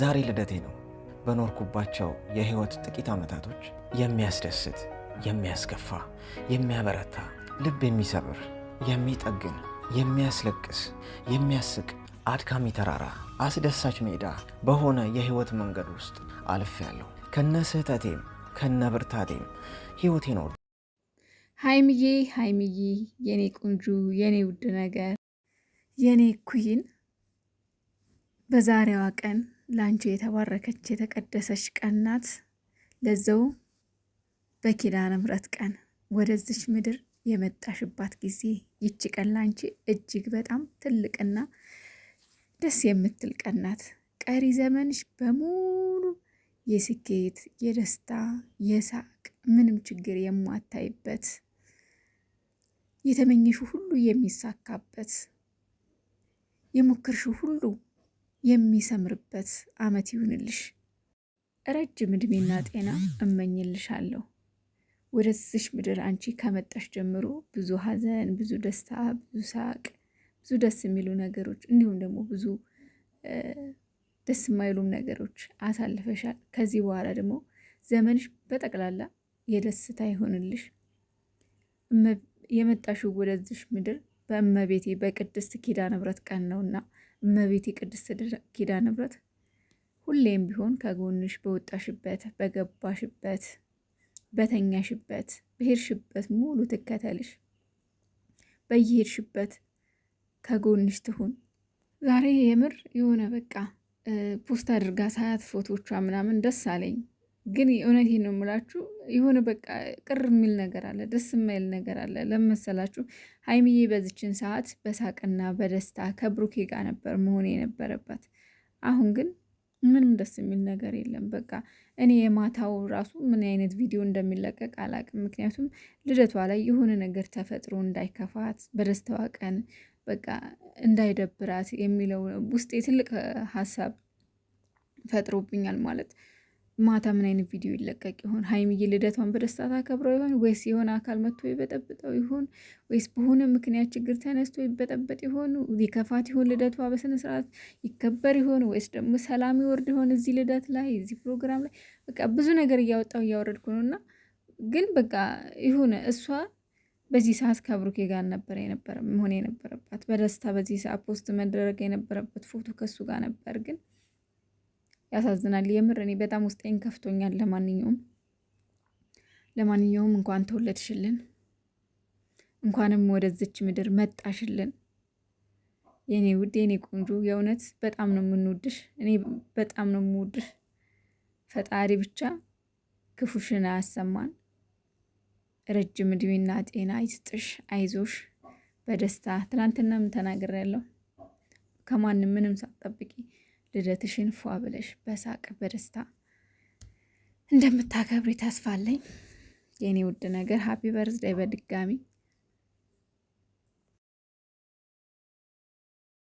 ዛሬ ልደቴ ነው። በኖርኩባቸው የህይወት ጥቂት ዓመታቶች የሚያስደስት፣ የሚያስከፋ፣ የሚያበረታ፣ ልብ የሚሰብር፣ የሚጠግን፣ የሚያስለቅስ፣ የሚያስቅ፣ አድካሚ ተራራ፣ አስደሳች ሜዳ በሆነ የህይወት መንገድ ውስጥ አልፌያለሁ። ከነ ስህተቴም ከነ ብርታቴም ህይወቴ ነው። ሀይምዬ ሀይምዬ፣ የኔ ቆንጆ፣ የኔ ውድ ነገር፣ የኔ ኩይን በዛሬዋ ቀን ለአንቺ የተባረከች የተቀደሰች ቀን ናት። ለዘው በኪዳነ ምሕረት ቀን ወደዚች ምድር የመጣሽባት ጊዜ ይቺ ቀን ላንቺ እጅግ በጣም ትልቅና ደስ የምትል ቀን ናት። ቀሪ ዘመንሽ በሙሉ የስኬት፣ የደስታ፣ የሳቅ ምንም ችግር የማታይበት የተመኘሹ ሁሉ የሚሳካበት የሞከርሽው ሁሉ የሚሰምርበት ዓመት ይሁንልሽ። ረጅም ዕድሜና ጤና እመኝልሻለሁ። ወደዚሽ ምድር አንቺ ከመጣሽ ጀምሮ ብዙ ሐዘን፣ ብዙ ደስታ፣ ብዙ ሳቅ፣ ብዙ ደስ የሚሉ ነገሮች እንዲሁም ደግሞ ብዙ ደስ የማይሉም ነገሮች አሳልፈሻል። ከዚህ በኋላ ደግሞ ዘመንሽ በጠቅላላ የደስታ ይሆንልሽ። የመጣሽው ወደዝሽ ምድር በእመቤቴ በቅድስት ኪዳነ ምሕረት ቀን ነውና እመቤቴ ቅድስት ኪዳነ ምሕረት ሁሌም ቢሆን ከጎንሽ በወጣሽበት፣ በገባሽበት፣ በተኛሽበት፣ በሄድሽበት ሙሉ ትከተልሽ። በየሄድሽበት ከጎንሽ ትሁን። ዛሬ የምር የሆነ በቃ ፖስት አድርጋ ሳያት ፎቶቿ ምናምን ደስ አለኝ። ግን እውነት ነው የምላችሁ የሆነ በቃ ቅር የሚል ነገር አለ፣ ደስ የማይል ነገር አለ። ለመሰላችሁ ሀይሚዬ በዚችን ሰዓት በሳቅና በደስታ ከብሩኬ ጋር ነበር መሆን የነበረባት። አሁን ግን ምንም ደስ የሚል ነገር የለም። በቃ እኔ የማታው ራሱ ምን አይነት ቪዲዮ እንደሚለቀቅ አላቅም። ምክንያቱም ልደቷ ላይ የሆነ ነገር ተፈጥሮ እንዳይከፋት በደስታዋ ቀን በቃ እንዳይደብራት የሚለው ውስጤ ትልቅ ሀሳብ ፈጥሮብኛል ማለት ማታ ምን አይነት ቪዲዮ ይለቀቅ ይሆን? ሀይሚዬ ልደቷን በደስታ ታከብረው ይሆን? ወይስ የሆነ አካል መጥቶ ይበጠብጠው ይሆን? ወይስ በሆነ ምክንያት ችግር ተነስቶ ይበጠበጥ ይሆን? ሊከፋት ይሆን? ልደቷ በስነ ስርዓት ይከበር ይሆን? ወይስ ደግሞ ሰላም ይወርድ ይሆን? እዚህ ልደት ላይ እዚህ ፕሮግራም ላይ በቃ ብዙ ነገር እያወጣው እያወረድኩ ነው እና ግን በቃ ይሁን እሷ በዚህ ሰዓት ከብሩኬ ጋር ነበር የነበረ መሆን የነበረባት በደስታ በዚህ ሰዓት ፖስት መደረግ የነበረበት ፎቶ ከሱ ጋር ነበር ግን ያሳዝናል። የምር እኔ በጣም ውስጤን ከፍቶኛል። ለማንኛውም ለማንኛውም እንኳን ተወለድሽልን፣ እንኳንም ወደዚች ምድር መጣሽልን የኔ ውድ የኔ ቆንጆ። የእውነት በጣም ነው የምንወድሽ፣ እኔ በጣም ነው የምወድሽ። ፈጣሪ ብቻ ክፉሽን አያሰማን፣ ረጅም እድሜና ጤና ይስጥሽ። አይዞሽ በደስታ ትናንትናም ተናግሬያለሁ። ከማንም ምንም ሳትጠብቂ ልደትሽን ፏ ብለሽ በሳቅ በደስታ እንደምታከብሪ ተስፋ አለኝ የኔ ውድ ነገር። ሀፒ በርዝዴይ በድጋሚ